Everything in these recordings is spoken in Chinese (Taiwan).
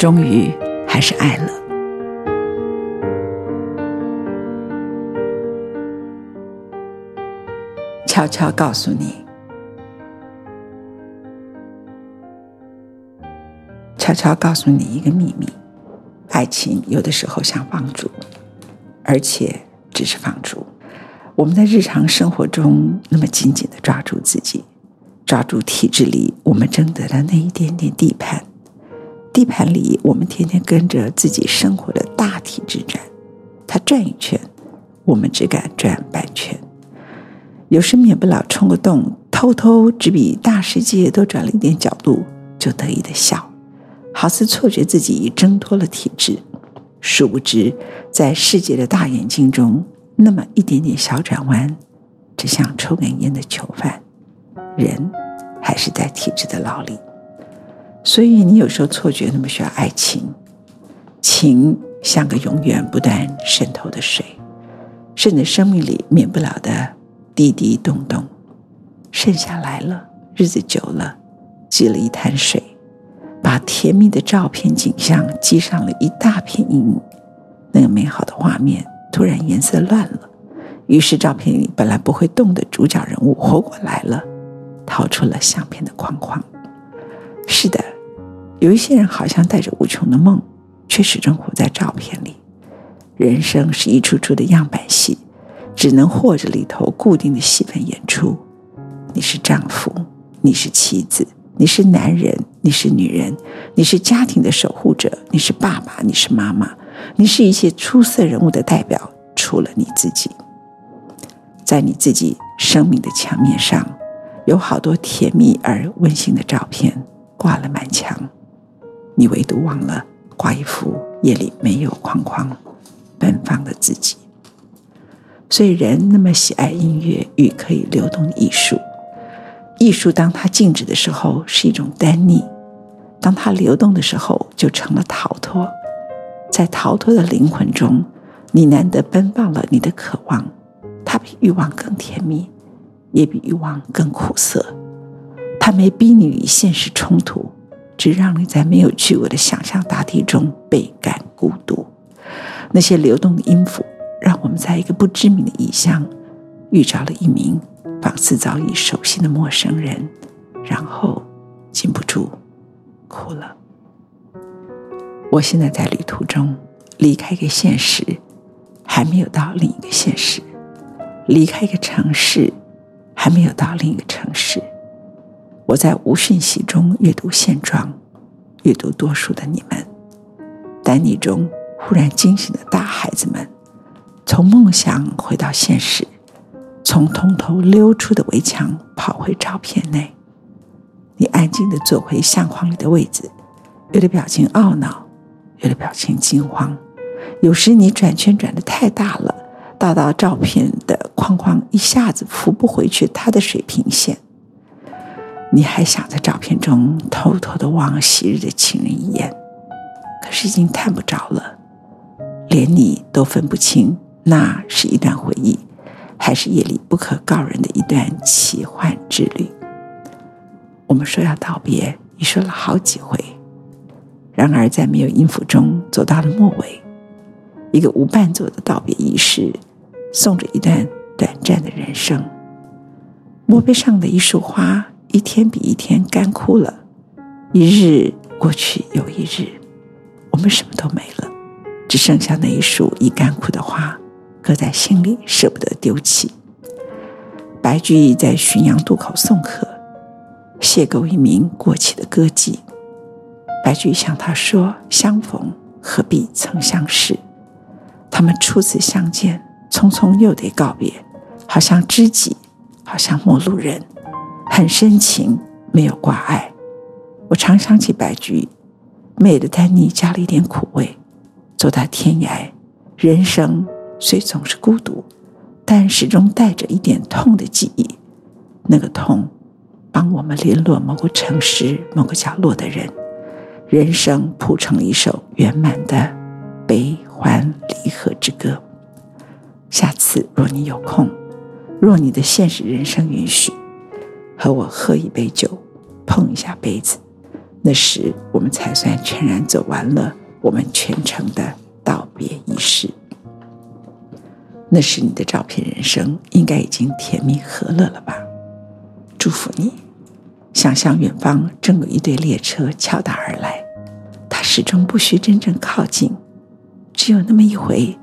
終於還是愛了，悄悄告訴你，悄悄告訴你一個秘密：愛情有的時候像放逐，而且只是放逐。我們在日常生活中那麼緊緊的抓住自己，抓住體制裡我們爭得的那一點點地盤。地盤裡，我們天天跟着自己生活的大體制轉，它轉一圈，我們只敢轉半圈，有時免不了衝個洞，偷偷只比大世界多轉了一點角度，就得意的笑，好似錯覺自己已掙脫了體制。殊不知，在世界的大眼睛中，那麼一點點小轉彎，只像抽根煙，煙的囚犯，人還是在體制的牢裡。所以你有時候錯覺那麼需要愛情，情像個永遠不斷滲透的水，甚至生命裡免不了的滴滴咚咚，滲下來了。日子久了，積了一灘水，把甜蜜的照片景象積上了一大片陰影。那個美好的畫面突然顏色亂了，於是照片裡本來不會動的主角人物活過來了，逃出了相片的框框。是的。有一些人好像帶着無窮的夢，卻始終活在照片裡。人生是一出出的樣板戲，只能和着裡頭固定的戲份演出。你是丈夫，你是妻子，你是男人，你是女人，你是家庭的守護者，你是爸爸，你是媽媽，你是一些出色人物的代表，除了你自己。在你自己生命的牆面上，有好多甜蜜而溫馨的照片，掛了滿牆。你唯獨忘了畫一幅夜裡沒有框框、奔放的自己。所以人那麼喜愛音樂與可以流動的藝術，藝術當它靜止的時候是一種單逆，當它流動的時候就成了逃脫。在逃脫的靈魂中，你難得奔放了你的渴望，它比欲望更甜蜜，也比欲望更苦澀。它沒逼你與現實衝突。只讓你在沒有去過的想象大地中倍感孤獨。那些流動的音符，讓我們在一個不知名的異鄉，遇着了一名仿似早已熟悉的陌生人，然後禁不住哭了。我現在在旅途中，離開一個現實，還沒有到另一個現實；離開一個城市，還沒有到另一個城市。我在無訊息中閱讀現狀。閱讀多數的你們，膽怯中忽然驚醒的大孩子們，從夢想回到現實，從通頭，頭溜出的圍牆跑回照片內。你安靜的坐回相框裡的位置，有的表情懊惱，有的表情驚慌。有時你轉圈轉的太大了，大到，到照片的框框一下子浮不回去它的水平線。你還想在照片中偷偷的望昔日的情人一眼，可是已經看不着了，連你都分不清那是一段回憶，還是夜裡不可告人的一段奇幻之旅。我們說要道別，你說了好幾回，然而在沒有音符中走到了末尾，一個無伴奏的道別儀式，送着一段短暫的人生。墓碑上的一束花。一天比一天乾枯了，一日過去又一日，我們什麼都沒了，只剩下那一束已乾枯的花，擱在心裡捨不得丟棄。白居易在潯陽渡口送客，邂逅一名過氣的歌妓，白居易向他說：“相逢何必曾相識。”他們初次相見，匆匆又得告別，好像知己，好像陌路人。很深情，沒有掛礙。我常想起白菊，美的丹尼加了一點苦味，走到天涯。人生雖總是孤獨，但始終帶着一點痛的記憶。那個痛，幫我們聯絡某個城市、某個角落的人。人生譜成了一首圓滿的悲歡離合之歌。下次若你有空，若你的現實人生允許。和我喝一杯酒，碰一下杯子，那時我們才算全然走完了我們全程的道別儀式。那時你的照片人生應該已經甜蜜和樂了吧？祝福你。想象遠方正有一對列車敲打而來，它始終不需真正靠近，只有那麼一回，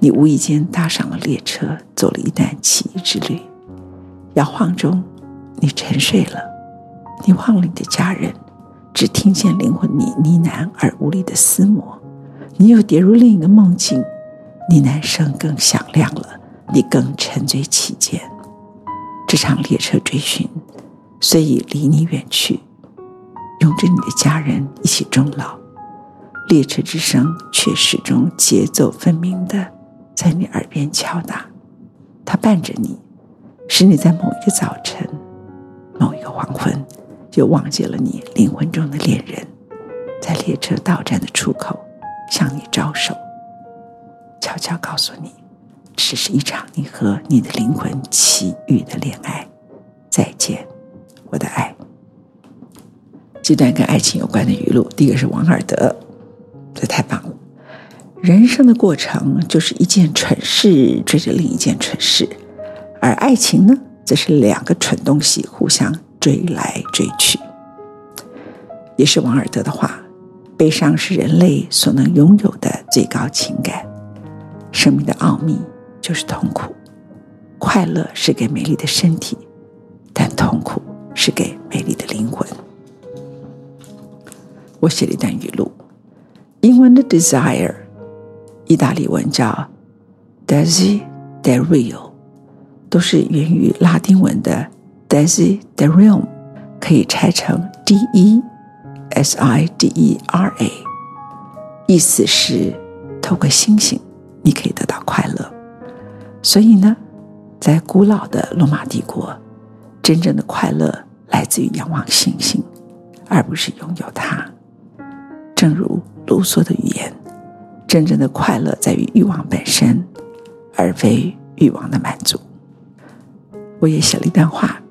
你無意間搭上了列車，走了一段奇異之旅，搖晃中。你沉睡了，你忘了你的家人，只聽見靈魂裡呢喃而無力的撕磨。你又跌入另一個夢境，呢喃聲更響亮了，你更沉醉其間。這場列車追尋雖已離你遠去，擁着你的家人一起終老，列車之聲卻始終節奏分明地在你耳邊敲打，它伴着你，使你在某一個早晨。某一個黃昏，就忘記了你靈魂中的戀人，在列車到站的出口向你招手，悄悄告訴你，這是一場你和你的靈魂奇遇的戀愛。再見，我的愛。這段跟愛情有關的語錄，第一個是王爾德，這太棒了。人生的過程就是一件蠢事追着另一件蠢事，而愛情呢？這是兩個蠢東西互相追來追去，也是王爾德的話：“悲傷是人類所能擁有的最高情感，生命的奧秘就是痛苦，快樂是給美麗的身體，但痛苦是給美麗的靈魂。”我寫了一段語錄：英文的 desire，意大利文叫 desiderio 都是源於拉丁文的 “desiderium”，可以拆成 “D-E-S-I-D-E-R-A”，意思是透過星星，你可以得到快樂。所以呢，在古老的羅馬帝國，真正的快樂來自於仰望星星，而不是擁有它。正如盧梭的語言，真正的快樂在於欲望本身，而非欲望的滿足。我也寫了一段話，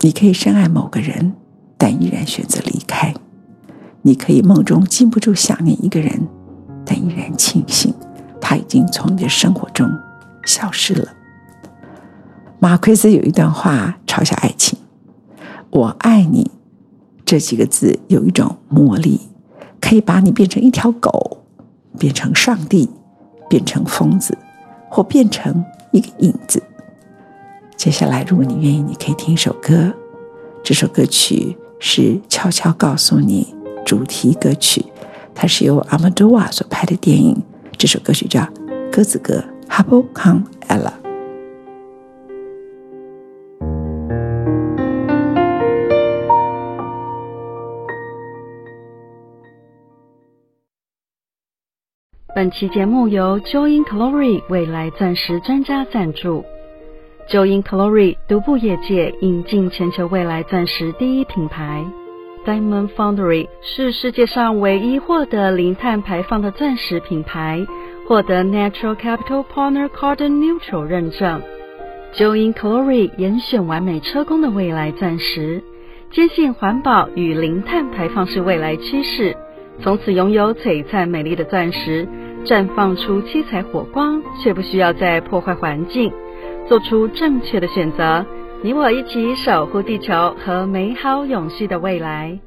你可以深愛某個人，但依然選擇離開；你可以夢中禁不住想念一個人，但依然慶幸他已經從你的生活中消失了。馬奎斯有一段話嘲笑愛情：“我愛你”這幾個字有一種魔力，可以把你變成一條狗，變成上帝，變成瘋子，或變成一個影子。接下來，如果你願意，你可以聽一首歌。這首歌曲是悄悄告訴你主題歌曲，它是由阿莫多瓦所拍的電影。這首歌曲叫《鴿子歌》（Hable con ella）。本期節目由 Join Glory 未來鑽石專家贊助。Joyn Glory 獨步業界，引進全球未來鑽石第一品牌，Diamond Foundry 是世界上唯一獲得零碳排放的鑽石品牌，獲得 Natural Capital Partner Carbon Neutral 認證。Joyn Glory 嚴選完美車工的未來鑽石，堅信環保與零碳排放是未來趨勢。從此擁有璀璨美麗的鑽石，綻放出七彩火光，卻不需要再破壞環境。做出正確的選擇，你我一起守護地球和美好永續的未來。